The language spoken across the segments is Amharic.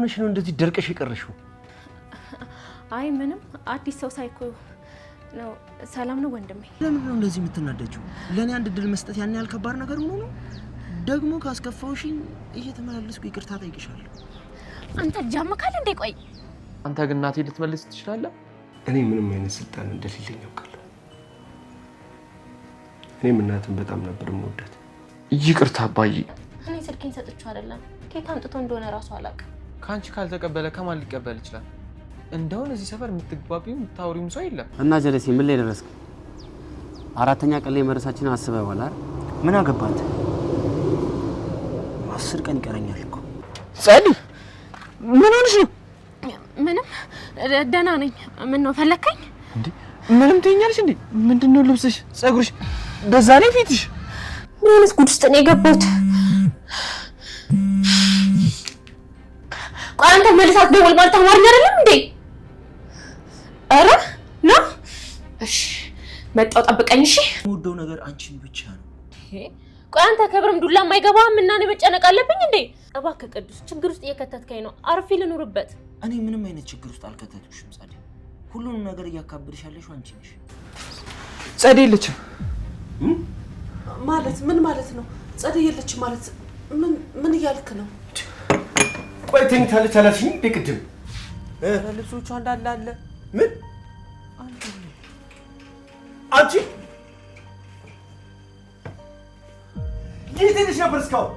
ሆነሽ ነው እንደዚህ ደርቀሽ የቀረሽው? አይ ምንም፣ አዲስ ሰው ሳይኮ ነው። ሰላም ነው ወንድሜ። ለምን ነው እንደዚህ የምትናደጁ? ለእኔ አንድ ድል መስጠት ያን ያህል ከባድ ነገር ሆኖ ነው? ደግሞ ካስከፋውሽኝ እየተመላለስኩ ይቅርታ ጠይቅሻለሁ። አንተ ጃመካል እንዴ? ቆይ አንተ ግን እናቴ ልትመልስ ትችላለህ? እኔ ምንም አይነት ስልጣን እንደሌለኝ ያውቃለሁ። እኔም እናትን በጣም ነበር የምወዳት። ይቅርታ አባዬ። እኔ ስልኬን ሰጥቼው አይደለም ኬት አምጥቶ እንደሆነ እራሱ አላውቅም። ከአንቺ ካልተቀበለ ከማን ሊቀበል ይችላል? እንደውን እዚህ ሰፈር የምትግባቢ የምታወሪውም ሰው የለም። እና ጀለሴ ምን ላይ ደረስክ? አራተኛ ቀን ላይ መረሳችን አስበዋል። ምን አገባት? አስር ቀን ይቀረኛል እኮ ጸል ምን ሆንሽ ነው? ምንም ደህና ነኝ። ምን ነው ፈለከኝ? ምንም ትኛለሽ እንዴ? ምንድነው ልብስሽ፣ ጸጉርሽ፣ በዛ ላይ ፊትሽ። ምን አይነት ጉድ ውስጥ ነው የገባሁት? ቆይ አንተ መልሳት ደውል ማለት አማርኛ አይደለም እንዴ? አረ ና እሺ፣ መጣው ጠብቀኝ። እሺ፣ የምወደው ነገር አንቺን ብቻ ነው። ቆይ አንተ ክብርም ዱላም አይገባህም እና እኔ መጨነቅ አለብኝ እንዴ? እባክህ ቅዱስ፣ ችግር ውስጥ እየከተትከኝ ነው። አርፌ ልኑርበት። እኔ ምንም አይነት ችግር ውስጥ አልከተትኩሽም ጸዴ። ሁሉንም ነገር እያካብድሽ ያለሽው አንቺ ነሽ ጸዴ። የለችም ማለት ምን ማለት ነው? ጸዴ የለችም ማለት ምን ምን እያልክ ነው? ቆይ ተኝታ ልቻላልሽ እንደ ቅድም ልብሶቿ እንዳለ አለ። ምን አንቺ የትንሽ ነበር እስካሁን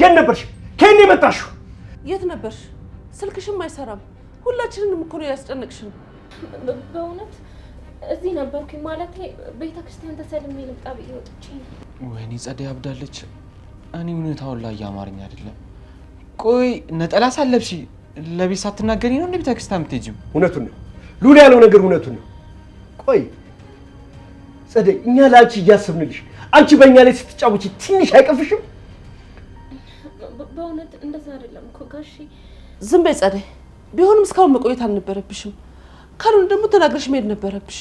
የት ነበርሽ? ከኔ የመጣሽው የት ነበርሽ? ስልክሽም አይሰራም። ሁላችንንም እኮ ነው ያስጨነቅሽን። በእውነት እዚህ ነበርኩኝ። ማለቴ ቤተክርስቲያን ተሰልሜ ልምጣ ብዬ ወጥቼ። ወይኔ ጸደይ አብዳለች። እኔ ሁኔታውን ላይ እያማርኝ አይደለም። ቆይ ነጠላ ሳለብሽ ለቤት ሳትናገሪ ነው እንደ ቤተክርስቲያን የምትሄጂው? እውነቱን ነው ሉል ያለው ነገር እውነቱን ነው። ቆይ ጸደይ፣ እኛ ለአንቺ እያሰብንልሽ አንቺ በእኛ ላይ ስትጫወቺ ትንሽ አይቀፍሽም? በእውነት እንደዛ አይደለም እኮ ዝም በይ ጸደይ። ቢሆንም እስካሁን መቆየት አልነበረብሽም። ካልሆነ ደግሞ ተናግረሽ መሄድ ነበረብሽ።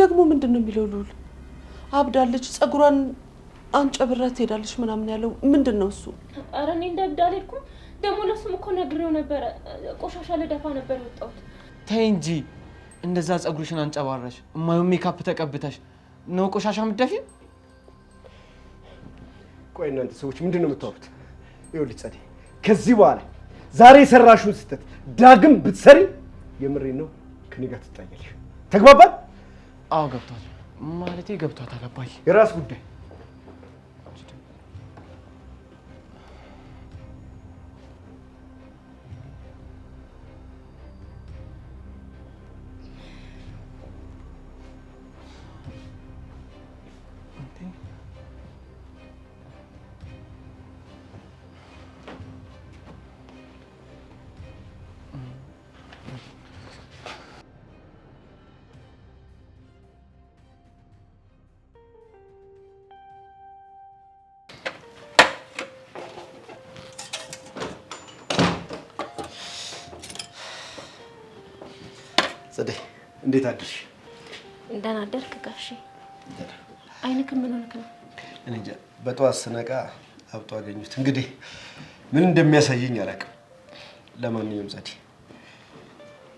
ደግሞ ምንድን ነው የሚለው ሉል አብዳለች፣ ጸጉሯን አንጨ ብራ ትሄዳለች ምናምን ያለው ምንድን ነው እሱ? አረ እኔ እንደ እብድ አልሄድኩም። ደግሞ ለሱም እኮ ነግሬው ነበረ። ቆሻሻ ልደፋ ነበር የወጣሁት። ተይ እንጂ እንደዛ ጸጉርሽን አንጨባረሽ እማዩ ሜካፕ ተቀብተሽ ነው ቆሻሻ ምደፊ? ቆይ እናንተ ሰዎች ምንድን ነው የምታወሩት? ይኸውልሽ ጸዴ፣ ከዚህ በኋላ ዛሬ የሰራሽውን ስህተት ዳግም ብትሰሪ የምሬ ነው ከኔ ጋር ትጣያለሽ። ተግባባል? አዎ ገብቷል። ማለቴ ገብቷታል አባዬ። የራስ ጉዳይ ፀደይ እንዴት አደርሽ? እንደና አደርክ ጋሼ። አይንክ ምን ሆንክ ነው? እኔ እንጃ። በጠዋት ስነቃ አብጦ አገኙት። እንግዲህ ምን እንደሚያሳየኝ አላውቅም። ለማንኛውም ፀደይ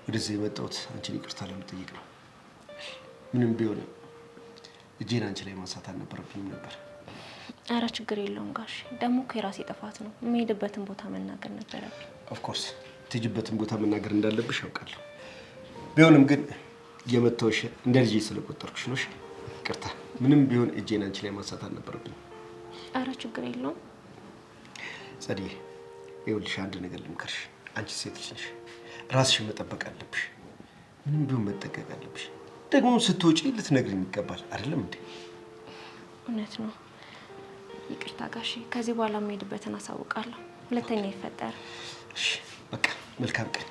ወደዚህ የመጣሁት አንቺን ይቅርታ ለመጠየቅ ነው። ምንም ቢሆን እጄን አንቺ ላይ ማንሳት አልነበረብኝም ነበር። አረ ችግር የለውም ጋሽ። ደግሞ የራሴ ጥፋት ነው። የምሄድበትን ቦታ መናገር ነበረብኝ። ኦፍኮርስ ትሄጂበትን ቦታ መናገር እንዳለብሽ ያውቃለሁ። ቢሆንም ግን የመታውሽ እንደ ልጅ ስለቆጠርኩሽ ነው። ቅርታ ምንም ቢሆን እጄን አንቺ ላይ ማንሳት አልነበረብኝ። አረ ችግር የለውም ጸድዬ። ይኸውልሽ አንድ ነገር ልምከርሽ። አንቺ ሴት ልጅ ነሽ፣ ራስሽን መጠበቅ አለብሽ። ምንም ቢሆን መጠቀቅ አለብሽ። ደግሞ ስትወጪ ልትነግሪኝ ይገባል። አይደለም እንዴ? እውነት ነው። ይቅርታ ጋሽ፣ ከዚህ በኋላ የምሄድበትን አሳውቃለሁ። ሁለተኛ ይፈጠር። በቃ መልካም ቀን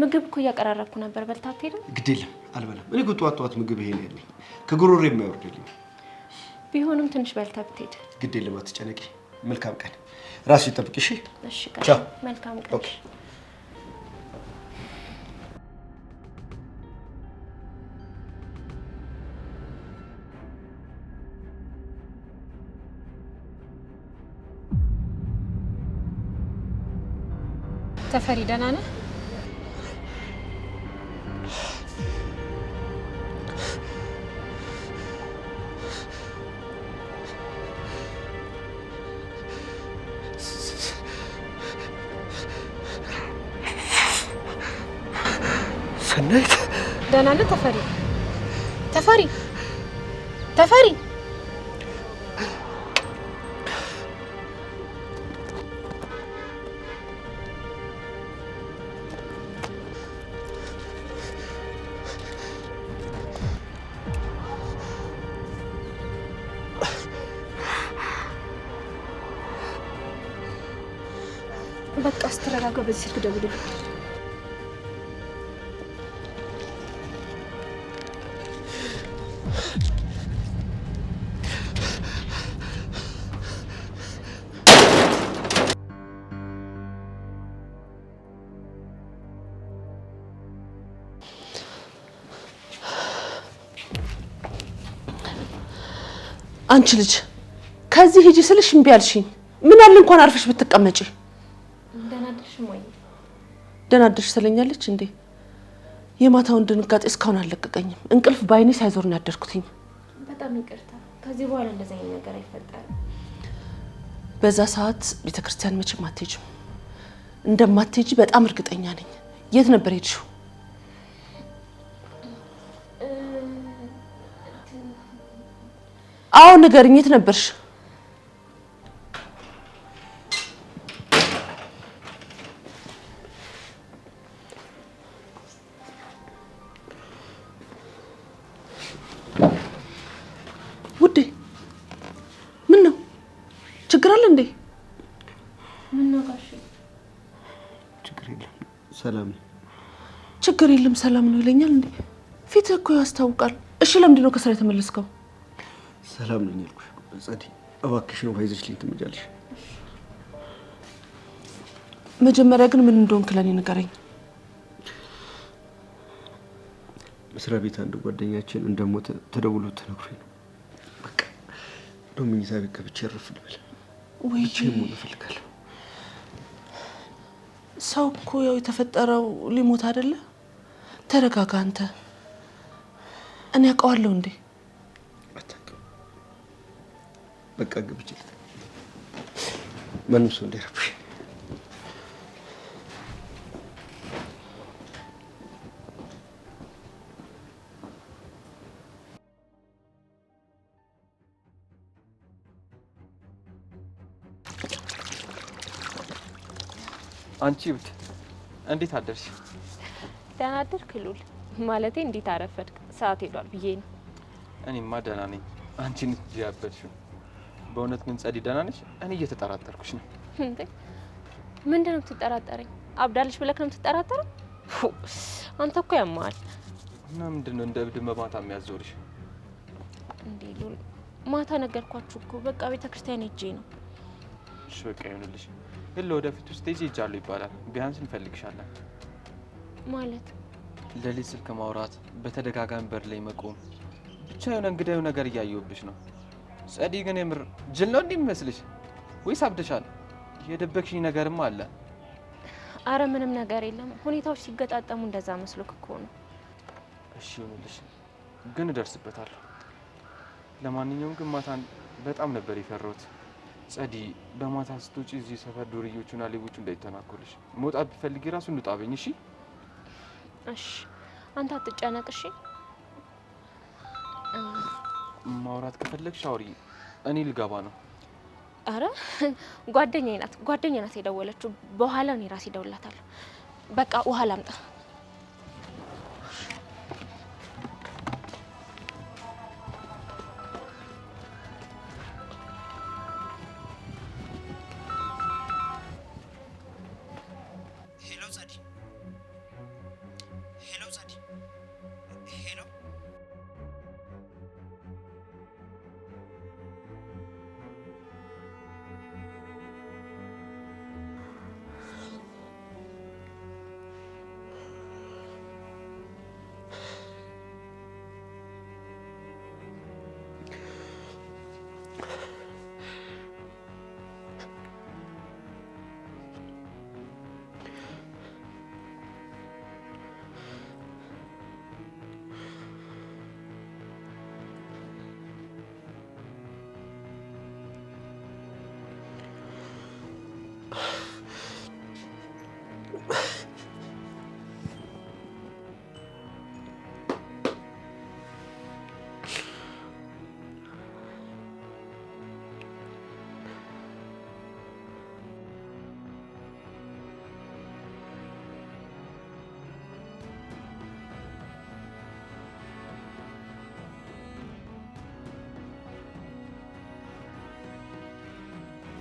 ምግብ እኮ እያቀራረብኩ ነበር። በልታ አትሄድም? ግድ የለም አልበላም። እኔ ግን ጠዋት ጠዋት ምግብ ይሄን ያለ ከጉሮሮ የማይወርድልኝ ቢሆንም ትንሽ በልታ ብትሄድ። ግድ የለም አትጨነቂ። መልካም ቀን። ራሱ ይጠብቅ። እሺ፣ ቻው። መልካም ቀን። ተፈሪ ደህና ነህ? ሰናይት ደህና ነህ ተፈሪ? ተፈሪ ተፈሪ በቃ አስተረጋጋ። በዚህ ስልክ ደውልልኝ አንቺ ልጅ ከዚህ ሂጂ ስልሽ እምቢ አልሽኝ። ምን ያህል እንኳን አርፈሽ ብትቀመጪ። ደህና አደርሽ ስለኛለች እንዴ? የማታውን ድንጋጤ እስካሁን አልለቀቀኝም። እንቅልፍ በአይኔ ሳይዞር ነው ያደርኩትኝ። በጣም ይቅርታ። ከዚህ በኋላ እንደዛ አይነት ነገር አይፈጠርም። በዛ ሰዓት ቤተክርስቲያን መቼም አትሄጂም። እንደማትሄጂ በጣም እርግጠኛ ነኝ። የት ነበር ሄድሽው? አዎ ንገሪኝ፣ የት ነበርሽ? ውዴ ምን ነው ችግር አለ እንዴ? የለም ሰላም ነው። ችግር የለም ሰላም ነው ይለኛል እንዴ? ፊትህ እኮ ያስታውቃል። እሺ ለምንድን ነው ከስራ የተመለስከው? ሰላም ነኝ ያልኩሽ። ጸዴ እባክሽ ነው ባይዘሽ ልኝ ትመጫለሽ። መጀመሪያ ግን ምን እንደሆንክ ለእኔ ንገረኝ። መስሪያ ቤት አንድ ጓደኛችን እንደሞተ ተደውሎ ተነግሮኝ ነው። በቃ እንደውም እኝታ ቤት ከብቻ ያረፍ ልበል ብቻ መሆን እፈልጋለሁ። ሰው እኮ ያው የተፈጠረው ሊሞት አይደለ? ተረጋጋ አንተ። እኔ አውቀዋለሁ እንዴ በቃ ግብጭ ማንም ሰው እንዳይረብሽ። አንቺ ብት እንዴት አደርሽ? ደህና አደርክ ሉል። ማለቴ እንዴት አረፈድክ? ሰዓት ሄዷል ብዬ ነው። እኔማ ደህና ነኝ። አንቺን ያበድሽው በእውነት ግን ጸዲ ደህና ነች? እኔ እየተጠራጠርኩሽ ነው። እንዴ ምንድን ነው የምትጠራጠረኝ? አብዳለች ብለክ ነው የምትጠራጠረው? አንተ እኮ ያማል። እና ምንድን ነው እንደ እብድ በማታ የሚያዞርሽ? እንዴ ሉል፣ ማታ ነገርኳችሁ እኮ በቃ ቤተ ክርስቲያን ሄጄ ነው። እሺ በቃ ይሁንልሽ። ግን ለወደፊት ውስጥ ቴጂ ይጃለሁ ይባላል። ቢያንስ እንፈልግሻለን ማለት ሌሊት ስልክ ማውራት፣ በተደጋጋሚ በር ላይ መቆም፣ ብቻ የሆነ እንግዳዩ ነገር እያየሁብሽ ነው። ጸዲ ግን የምር ጅል ነው እንዲህ የሚመስልሽ ወይስ አብደሻል? የደበቅሽኝ ነገርም አለ። አረ ምንም ነገር የለም። ሁኔታዎች ሲገጣጠሙ እንደዛ መስሎክ እኮ ነው። እሺ ይሁንልሽ፣ ግን እደርስበታለሁ። ለማንኛውም ግን ማታን በጣም ነበር የፈራሁት። ጸዲ፣ በማታ ስትወጪ እዚህ ሰፈር ዱርዮቹና ሌቦቹ እንዳይተናኮልሽ። መውጣት ብፈልጊ ራሱ እንጣበኝ እሺ እሺ፣ አንተ አትጨነቅ እሺ ማውራት ከፈለግሽ አውሪ፣ እኔ ልገባ ነው። አረ ጓደኛዬ ናት ጓደኛዬ ናት የደወለችው። በኋላ እኔ ራሴ እደውልላታለሁ። በቃ ውሃ ላምጣ።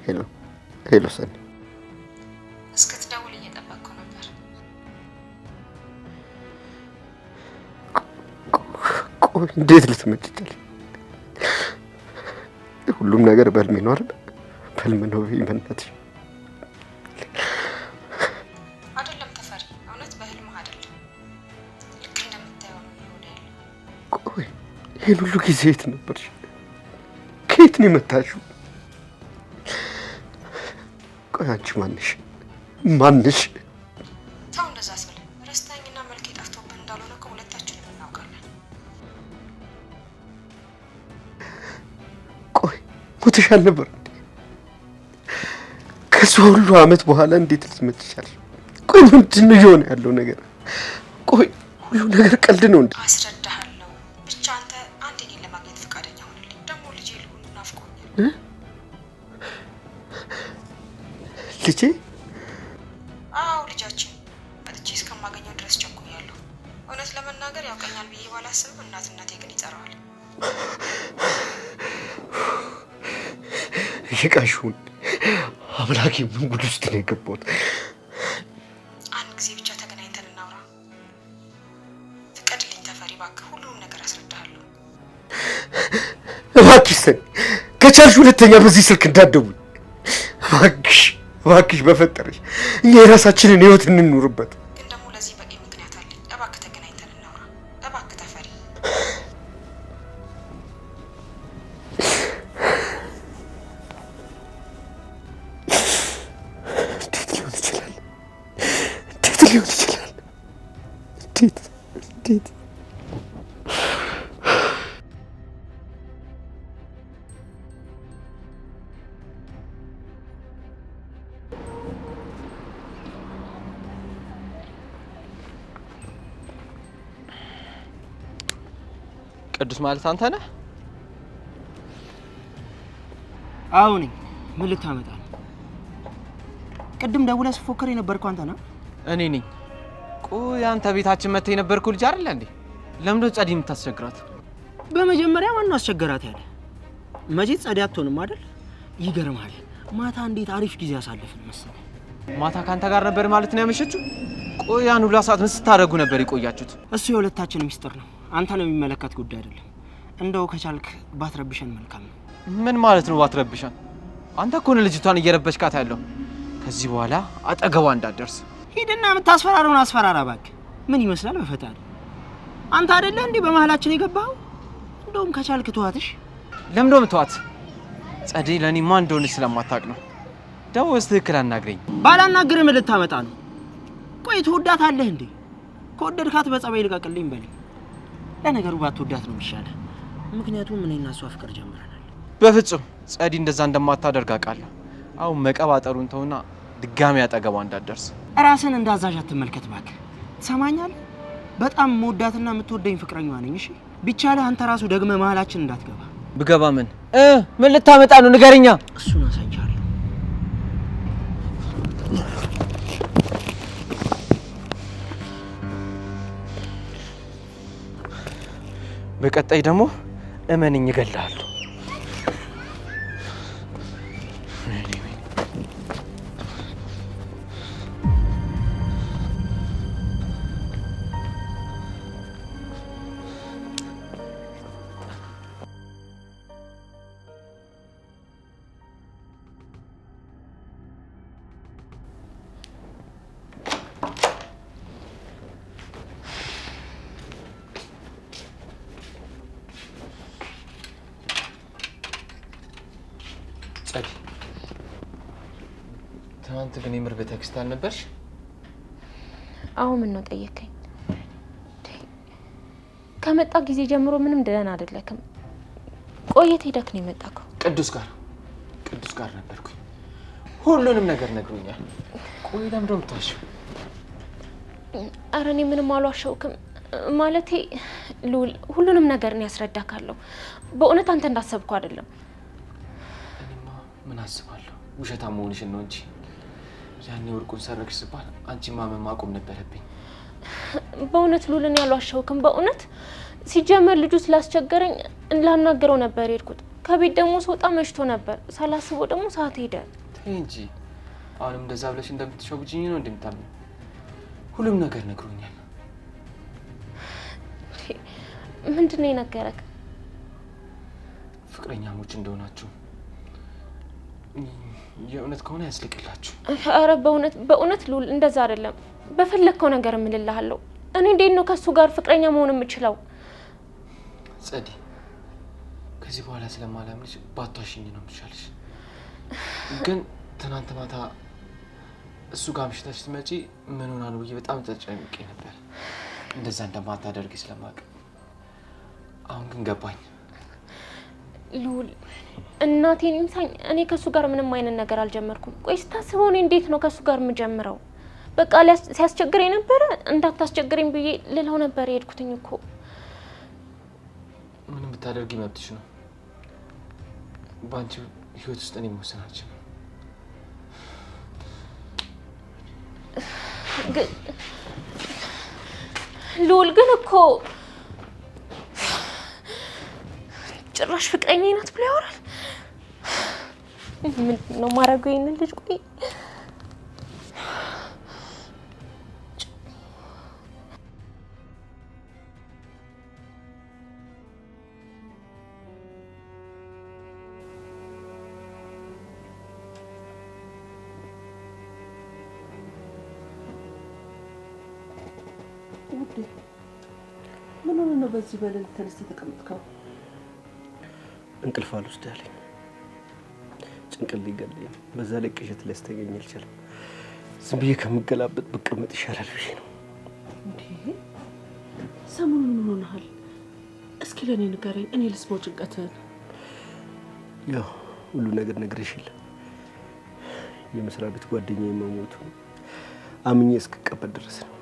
ሄሎ ሄሎ፣ ሰኒ እስክትደውል እየጠበቅኩ ነበር። ቆይ እንዴት ልትመጪ ይችላል? ሁሉም ነገር በህልሜ ነው አይደል? በህልም ነው በእናትሽ አይደለም። ተፈሪ እውነት በህልም አይደለም፣ ልክ እንደምታየው ነው ቆይ ይህን ሁሉ ጊዜ የት ነበርሽ? ከየት ነው የመጣሽው? ቆይ አንቺ ማንሽ ማንሽ? ተው እንደዛ ስል መልክ የጠፍቶብን እንዳልሆነ እኮ ሁለታችንም እናውቃለን። ቆይ ሞትሽ ሁሉ አመት በኋላ እንዴት ልትመጭሻል? ቆይ ምንድን ነው የሆነ ያለው ነገር? ቆይ ሁሉ ነገር ቀልድ ነው እንዴ? ልጄ? አዎ ልጃችን፣ መጥቼ እስከማገኘው ድረስ ቸኩያለሁ። እውነት ለመናገር ያውቀኛል ብዬ ባላስብም እናት እናቴ ግን ይጠራዋል። ይቃሹን አምላኬ፣ ምን ጉድ ውስጥ ነው የገባሁት? አንድ ጊዜ ብቻ ተገናኝተን እናውራ። ፍቀድልኝ ተፈሪ እባክህ፣ ሁሉንም ነገር አስረዳሃለሁ። እባክሽ ሰኒ፣ ከቻልሽ ሁለተኛ በዚህ ስልክ እንዳትደውይ እባክሽ። እባክሽ በፈጠረሽ እኛ የራሳችንን ህይወት እንኑርበት። ቅዱስ ማለት አንተ ነህ? አዎ ነኝ። ምን ልታመጣ ነው? ቅድም ደውለህ ስፎክር የነበርኩ አንተ ነህ? እኔ ነኝ። ቆይ አንተ ቤታችን መጥተህ የነበርኩ ልጅ አይደለ እንዴ? ለምንድን ጸዲ የምታስቸግራት? በመጀመሪያ ማነው አስቸገራት ያለ? መቼ ጸዲ አትሆንም አይደል? ይገርማል። ማታ እንዴት አሪፍ ጊዜ አሳለፍን መሰለህ። ማታ ካንተ ጋር ነበር ማለት ነው ያመሸችው? ቆይ ያን ሰዓት ምን ስታደርጉ ነበር የቆያችሁት? እሱ የሁለታችን ሚስጥር ነው። አንተ ነው የሚመለከት ጉዳይ አይደለም። እንደው ከቻልክ ባትረብሸን መልካም ነው። ምን ማለት ነው ባትረብሸን? አንተ እኮ ነው ልጅቷን እየረበሽካት ያለው። ከዚህ በኋላ አጠገቧ እንዳትደርስ። ሂድና የምታስፈራረውን አስፈራራ እባክህ። ምን ይመስላል? በፈጣሪ አንተ አይደለ እንዲህ በመሀላችን የገባኸው? እንደውም ከቻልክ ትዋትሽ? ለምዶ ምተዋት ጸዴ ለእኔማ እንደሆነች ስለማታውቅ ነው። ደውስ ትክክል አናግረኝ። ባላናግርም ልታመጣ ነው? ቆይ ትወዳታለህ እንዴ? ከወደድካት በጸባይ ልቀቅልኝ በል ለነገሩ ባትወዳት ነው የሚሻለ። ምክንያቱም እና እሷ ፍቅር ጀምረናል። በፍጹም ጸዲ እንደዛ እንደማታደርግ አውቃለሁ። አሁን መቀባጠሩን ተውና ድጋሚ አጠገቧ እንዳትደርስ። ራስን እንዳዛዥ አትመልከት እባክህ። ሰማኛል በጣም መወዳትና የምትወደኝ ፍቅረኛዋ ነኝ። እሺ ቢቻለህ አንተ ራሱ ደግመ መሀላችን እንዳትገባ። ብገባ ምን ምን ልታመጣ ነው ንገረኛ። እሱን አሳይቻለሁ። በቀጣይ ደግሞ እመንኝ እገልሃለሁ። የምር ቤተክርስቲያን ነበር አሁን ምን ነው ጠየከኝ? ከመጣ ጊዜ ጀምሮ ምንም ደህና አይደለክም። ቆየት ሄደክ ነው የመጣከው? ቅዱስ ጋር ቅዱስ ጋር ነበርኩኝ። ሁሉንም ነገር ነግሮኛል። ቆይ ለምንድን ነው የምታሸው? እኔ ምንም አልዋሸውክም። ማለቴ ልውል ሁሉንም ነገር እኔ ያስረዳካለሁ። በእውነት አንተ እንዳሰብኩ አይደለም። ምን አስባለሁ? ውሸታም መሆንሽን ነው እንጂ ያኔ ወርቁን ሰረቅሽ ስባል አንቺ ማመን ማቆም ነበረብኝ። በእውነት ሉልን ያልዋሸሁክም። በእውነት ሲጀመር ልጁ ስላስቸገረኝ ላናገረው ነበር የሄድኩት። ከቤት ደግሞ ስወጣ መሽቶ ነበር። ሳላስበው ደግሞ ሰዓት ሄደ። ተይ እንጂ አሁንም እንደዛ ብለሽ እንደምትሸውጅኝ ነው እንደምታምን። ሁሉም ነገር ነግሮኛል። ምንድን ነው የነገረክ? ፍቅረኛሞች እንደሆናችሁ የእውነት ከሆነ ያስልቅላችሁ። አረ በእውነት በእውነት ልውል እንደዛ አይደለም። በፈለግከው ነገር እምልልሃለሁ። እኔ እንዴት ነው ከእሱ ጋር ፍቅረኛ መሆን የምችለው? ጸዲ፣ ከዚህ በኋላ ስለማላምንሽ ባቷሽኝ ነው የምሻልሽ። ግን ትናንት ማታ እሱ ጋር ምሽታች ስትመጪ ምን ሆና ነው ብዬ በጣም ተጨንቄ ነበር። እንደዛ እንደማታደርጊ ስለማውቅ አሁን ግን ገባኝ። ልዑል እናቴን ይምሳኝ። እኔ ከእሱ ጋር ምንም አይነት ነገር አልጀመርኩም። ቆይ ስታስበው እኔ እንዴት ነው ከእሱ ጋር የምጀምረው? በቃ ሲያስቸግረኝ ነበረ እንዳታስቸግረኝ ብዬ ልለው ነበር የሄድኩትኝ እኮ። ምንም ብታደርጊ መብትሽ ነው። በአንቺ ህይወት ውስጥ እኔ መወሰናችን ልውል ግን እኮ ጭራሽ ፍቅረኛ ናት ብሎ ያወራል። ምንድን ነው ማድረገው? ይህንን ልጅ ቆይ ምን ሆነ ነው በዚህ በሌሊት ተነስተህ ተቀምጥከው? እንቅልፍ አልወስድ አለኝ። ጭንቅል ሊገለኝ በዛ ላይ ቅዠት ላይ ስተገኝ አልቻለም። ዝም ብዬ ከምገላበጥ ብቀመጥ ይሻላል ብዬ ነው። ሰሞኑን ምን ሆነሃል? እስኪ ለእኔ ንገረኝ፣ እኔ ልስበው ጭንቀትህን። ያው ሁሉ ነገር ነገር የለ የመስሪያ ቤት ጓደኛ መሞቱ አምኜ እስክቀበል ድረስ ነው።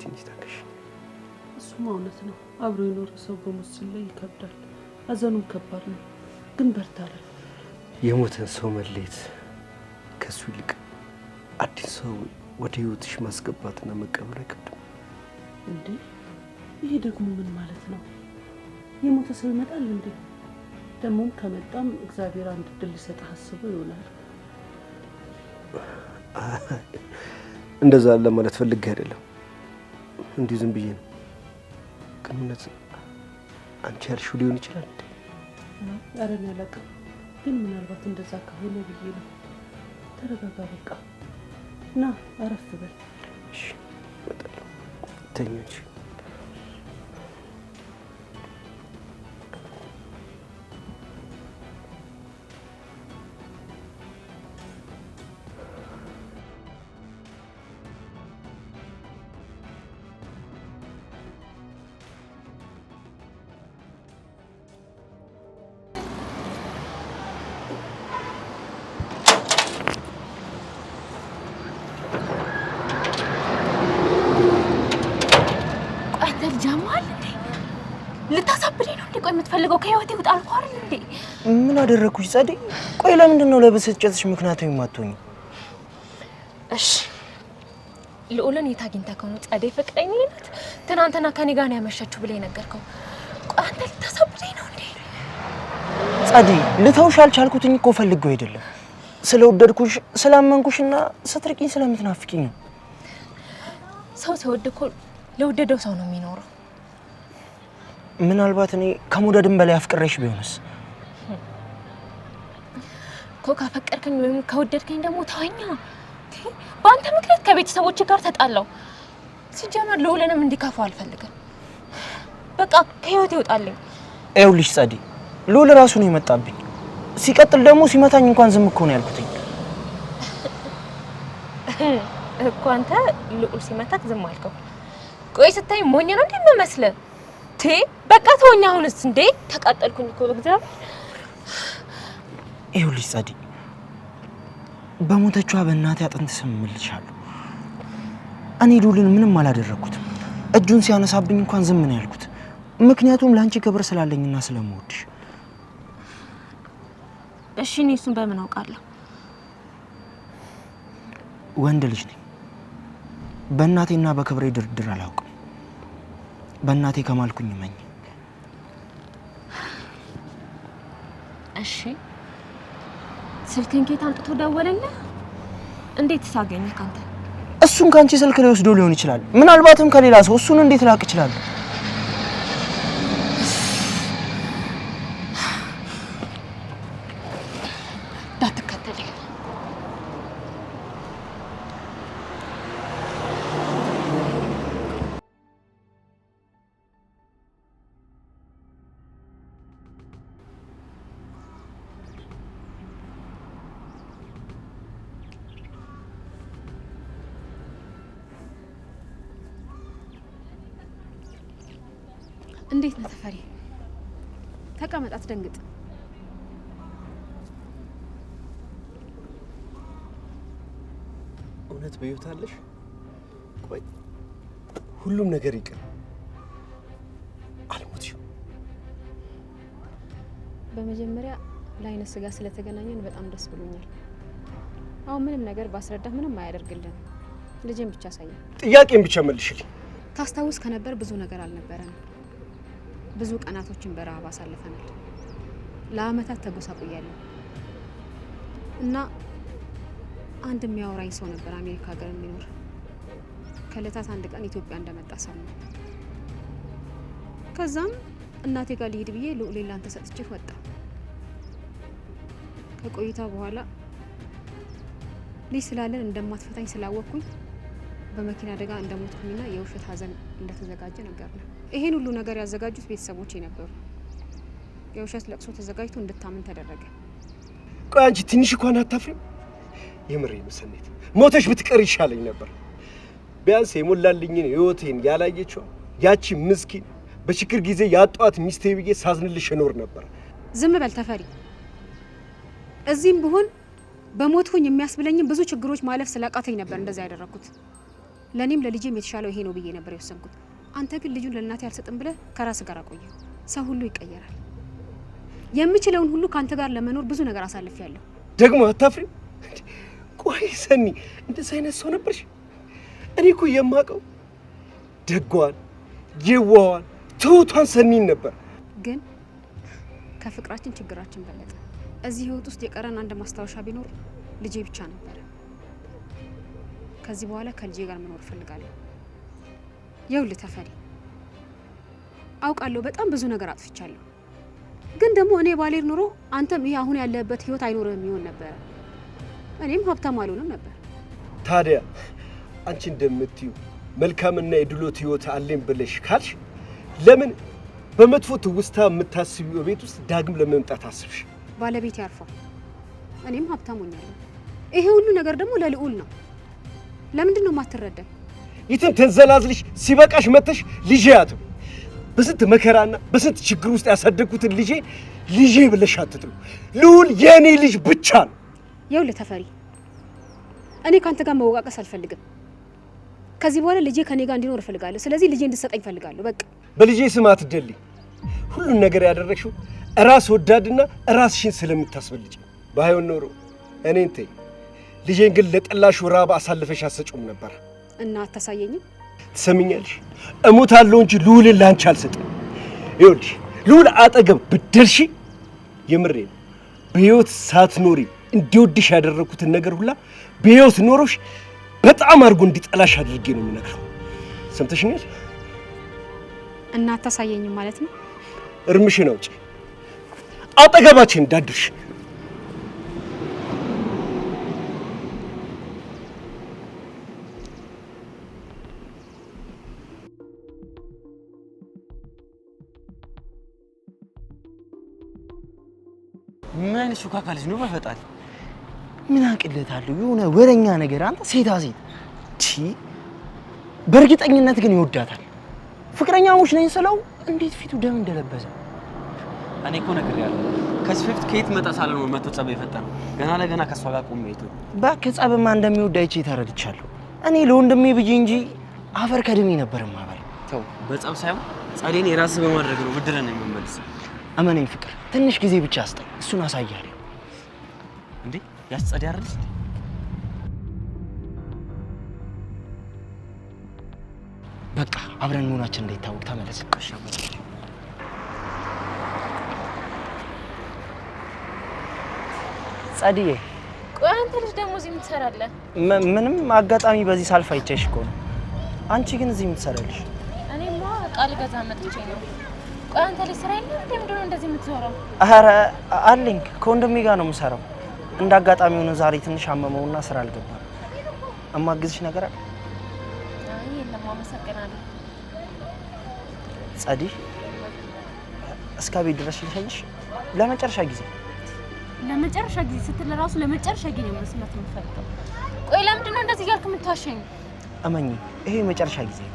ትንሽ ታገሽ። እሱማ እውነት ነው። አብሮ የኖረ ሰው በሙስል ላይ ይከብዳል። ሀዘኑም ከባድ ነው። ግን በርታለ። የሞተን ሰው መለየት ከሱ ይልቅ አዲስ ሰው ወደ ህይወትሽ ማስገባትና መቀበል አይከብድም እንዴ? ይሄ ደግሞ ምን ማለት ነው? የሞተ ሰው ይመጣል እንዴ? ደግሞም ከመጣም እግዚአብሔር አንድ ድል ሊሰጥህ አስቦ ይሆናል። እንደዛ አለ ማለት ፈልጌ አይደለም፣ እንዲሁ ዝም ብዬ ነው። ግን እውነት አንቺ ያልሽው ሊሆን ይችላል እንዴ? ኧረ እኔ አላውቅም፣ ግን ምናልባት እንደዛ ከሆነ ብዬ ነው። ተረጋጋ በቃ እና አረፍ በል ተኛች። ልታሳብደኝ ነው እንዴ? ቆይ የምትፈልገው ከህይወት ይውጣ አልኳል እንዴ? ምን አደረግኩሽ ጸዴ? ቆይ ለምንድን ነው ለብስጭትሽ ምክንያቱ የማትሆኝ? እሺ ልዑልን የት አግኝተህ ከሆነ ጸዴ ፍቅረኛ ናት፣ ትናንትና ከኔ ጋር ነው ያመሻችሁ ብለህ የነገርከው? ቆይ አንተ ልታሳብደኝ ነው እንዴ? ጸዴ ልተውሽ አልቻልኩትኝ እኮ ፈልገው አይደለም። ስለወደድኩሽ ስላመንኩሽና ስትርቂኝ ስለምትናፍቂኝ ነው። ሰው ሲወድ እኮ ለወደደው ሰው ነው የሚኖረው። ምናልባት እኔ ከመውደድም በላይ አፍቅሬሽ ቢሆንስ? እኮ ካፈቀርከኝ ወይም ከወደድከኝ ደግሞ ተወኛ። በአንተ ምክንያት ከቤተሰቦች ጋር ተጣላው። ሲጀመር ልውልንም እንዲከፋው አልፈልግም። በቃ ከህይወት ይውጣልኝ። ይኸውልሽ ጸዲ፣ ልውል ራሱ ነው የመጣብኝ። ሲቀጥል ደግሞ ሲመታኝ እንኳን ዝም እኮ ነው ያልኩትኝ እኮ። አንተ ልዑል ሲመታክ ዝም አልከው? ቆይ ስታይ ሞኝ ነው እንዴ የምመስልህ? ቴ በቃ ተወኛ። አሁንስ እንዴ ተቃጠልኩኝ እኮ በእግዚአብሔር። ይኸውልሽ ጸዲ፣ በሞተቿ በእናቴ አጥንት ስም እምልሻለሁ፣ እኔ ዱልን ምንም አላደረግኩትም። እጁን ሲያነሳብኝ እንኳን ዝም ነው ያልኩት፣ ምክንያቱም ለአንቺ ክብር ስላለኝና ስለምወድሽ። እሺ፣ እኔ እሱን በምን አውቃለሁ? ወንድ ልጅ ነኝ። በእናቴና በክብሬ ድርድር አላውቅም። በእናቴ ከማልኩኝ መኝ። እሺ ስልክን ኬት አምጥቶ ደወለልህ? እንዴት ሳገኘህ? ካንተ እሱን ከአንቺ ስልክ ላይ ወስዶ ሊሆን ይችላል። ምናልባትም ከሌላ ሰው እሱን እንዴት ላቅ ይችላል? ታውቂያታለሽ? ቆይ ሁሉም ነገር ይቅር፣ አልሞትሽም። በመጀመሪያ ለአይነ ስጋ ስለተገናኘን በጣም ደስ ብሎኛል። አሁን ምንም ነገር ባስረዳ ምንም አያደርግልን። ልጄን ብቻ ሳየ ጥያቄን ብቻ መልሽልኝ። ታስታውስ ከነበር ብዙ ነገር አልነበረም። ብዙ ቀናቶችን በረሃብ አሳልፈናል። ለአመታት ተጎሳቁያለሁ እና አንድ የሚያወራኝ ሰው ነበር አሜሪካ ሀገር የሚኖር ከእለታት አንድ ቀን ኢትዮጵያ እንደመጣ ነው። ከዛም እናቴ ጋር ሊሄድ ብዬ ልዑሌ ላንተ ወጣ። ከቆይታ በኋላ ልጅ ስላለን እንደማትፈታኝ ስላወቅኩኝ በመኪና አደጋ እንደሞትኩኝና የውሸት ሀዘን እንደተዘጋጀ ነገር ነው። ይሄን ሁሉ ነገር ያዘጋጁት ቤተሰቦች ነበሩ። የውሸት ለቅሶ ተዘጋጅቶ እንድታምን ተደረገ። ቆይ አንቺ ትንሽ እንኳን አታፍሪም? የምሬ ሰኔት ሞተሽ ብትቀር ይሻለኝ ነበር። ቢያንስ የሞላልኝን ህይወቴን ያላየችው ያቺ ምስኪን በችግር ጊዜ ያጧት ሚስቴ ብዬ ሳዝንልሽ እኖር ነበር። ዝም በል ተፈሪ። እዚህም ብሆን በሞትሁኝ የሚያስብለኝም ብዙ ችግሮች ማለፍ ስላቃተኝ ነበር እንደዛ ያደረኩት። ለእኔም ለልጄም የተሻለው ይሄ ነው ብዬ ነበር የወሰንኩት። አንተ ግን ልጁን ለእናቴ አልሰጥም ብለ ከራስ ጋር አቆየ። ሰው ሁሉ ይቀየራል። የምችለውን ሁሉ ከአንተ ጋር ለመኖር ብዙ ነገር አሳልፍ ያለሁ ደግሞ አታፍሪም? ቆይ ሰኒ እንደዚህ አይነት ሰው ነበርሽ? እኔ እኮ የማውቀው ደጓን፣ የዋዋን፣ ትሁቷን ሰኒን ነበር። ግን ከፍቅራችን ችግራችን በለጠ። እዚህ ህይወት ውስጥ የቀረን አንድ ማስታወሻ ቢኖር ልጄ ብቻ ነበረ። ከዚህ በኋላ ከልጄ ጋር መኖር እፈልጋለሁ። ይኸውልህ ተፈሪ፣ አውቃለሁ በጣም ብዙ ነገር አጥፍቻለሁ። ግን ደግሞ እኔ ባሌር ኑሮ አንተም ይሄ አሁን ያለበት ህይወት አይኖርም ይሆን ነበረ እኔም ሀብታም አልሆንም ነበር። ታዲያ አንቺ እንደምትዩ መልካምና የድሎት ህይወት አለኝ ብለሽ ካልሽ ለምን በመጥፎ ትውስታ የምታስቢው ቤት ውስጥ ዳግም ለመምጣት አስብሽ? ባለቤት ያርፋል፣ እኔም ሀብታም ሆኛለሁ። ይሄ ሁሉ ነገር ደግሞ ለልዑል ነው። ለምንድን ነው የማትረዳኝ? ይትን ትንዘላዝልሽ ሲበቃሽ መተሽ ልጄ አትም በስንት መከራና በስንት ችግር ውስጥ ያሳደግኩትን ልጄ ልጄ ብለሽ አትጥሉ። ልዑል የእኔ ልጅ ብቻ ነው። ይኸውልህ ተፈሪ፣ እኔ ከአንተ ጋር መወቃቀስ አልፈልግም። ከዚህ በኋላ ልጄ ከኔ ጋር እንዲኖር እፈልጋለሁ። ስለዚህ ልጄ እንድትሰጠኝ እፈልጋለሁ። በቃ በልጄ ስም አትደልይ። ሁሉን ነገር ያደረግሽው እራስ ወዳድና ራስሽን ስለምታስበልጭ ባይሆን ኖሮ እኔን ተይ፣ ልጄን ግን ለጠላሽ ራብ አሳልፈሽ አትሰጪውም ነበር እና አታሳየኝም። ትሰሚኛለሽ? እሞታለሁ እንጂ ልዑልን ላንቺ አልሰጥም። ይኸውልሽ ልዑል አጠገብ ብደርሺ የምሬ ነው በሕይወት ሳትኖሪ እንዲወድሽ ያደረግኩትን ነገር ሁላ በህይወት ኖሮሽ በጣም አድርጎ እንዲጠላሽ አድርጌ ነው የምነግረው። ሰምተሽኛል? እና አታሳየኝም ማለት ነው? እርምሽን አውጪ፣ አጠገባችን እንዳትደርሽ። ምን ሹካካ ልጅ ነው በፈጣሪ ምን አቅልታለሁ? የሆነ ወረኛ ነገር አንተ ሴታ ሴት ቺ በእርግጠኝነት ግን ይወዳታል። ፍቅረኛሞች ነኝ ስለው እንዴት ፊቱ ደም እንደለበሰ እኔ እኮ ነግሬሃለሁ። ከዚህ በፊት ከየት መጣ ነው ጸብ የፈጠረው። ገና ለገና ከእሷ ጋር ቆሜ እባክህ ጸብማ እንደሚወድ አይቼ ተረድቻለሁ። እኔ ለወንድሜ ብዬ እንጂ አፈር ከድሜ ነበር ተው በጸብ ሳይሆን ጸዴን የራስህ በማድረግ ነው ብድረን እመነኝ ፍቅር፣ ትንሽ ጊዜ ብቻ አስጠኝ፣ እሱን አሳያለሁ እንዴ ያስጸዳ አይደል? በቃ አብረን መሆናችን እንዳይታወቅ ተመለስ። ጸድዬ፣ ቆይ አንተ ልጅ ደግሞ እዚህ የምትሰራለህ? ምንም አጋጣሚ በዚህ ሳልፍ አይቼሽ እኮ ነው። አንቺ ግን እዚህ የምትሰራለሽ? እኔማ ቃል ገዛ መጥቼ ነው። ቆይ አንተ ልጅ ስራ እንደዚህ የምትሰራው? ኧረ አለኝ፣ ከወንድሜ ጋር ነው የምሰራው እንደ አጋጣሚ ሆኖ ዛሬ ትንሽ አመመውና ስራ አልገባም። እማግዝሽ ነገር አለ? አይ የለም፣ አመሰግናለሁ። ጸዲ፣ እስከ ቤት ድረስ ልሸኝሽ ለመጨረሻ ጊዜ። ለመጨረሻ ጊዜ ስትል ራሱ ለመጨረሻ ጊዜ ነው መስማት የምፈልገው። ቆይ ለምንድን ነው እንደዚህ እያልክ የምታሸኝ? እመኚ፣ ይሄ የመጨረሻ ጊዜ ነው።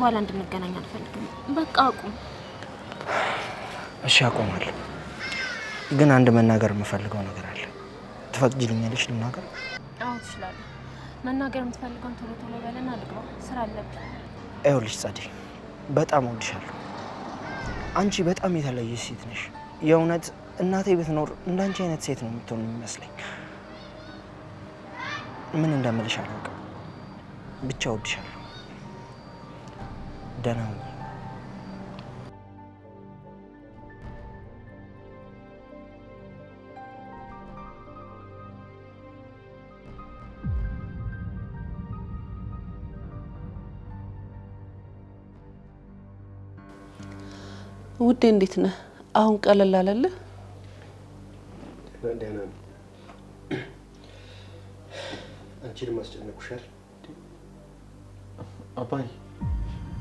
በኋላ እንድንገናኝ አልፈልግም። በቃ አቁም። እሺ አቆማለሁ። ግን አንድ መናገር የምፈልገው ነገር አለ። ትፈቅጂልኛለሽ? ልናገር? አዎ ትችላለህ። መናገር የምትፈልገውን ቶሎ ቶሎ በለን፣ ልግባ፣ ስራ አለብኝ። ይኸውልሽ ጸዴ፣ በጣም እወድሻለሁ። አንቺ በጣም የተለየ ሴት ነሽ። የእውነት እናቴ ብትኖር እንዳንቺ አይነት ሴት ነው የምትሆኑ የሚመስለኝ። ምን እንደምልሽ አላውቅም፣ ብቻ እወድሻለሁ። ደህና ሁኚ። ውዴ እንዴት ነህ? አሁን ቀለል አለልህ? ደህና ነኝ። አንቺንም አስጨነቁሻል አባይ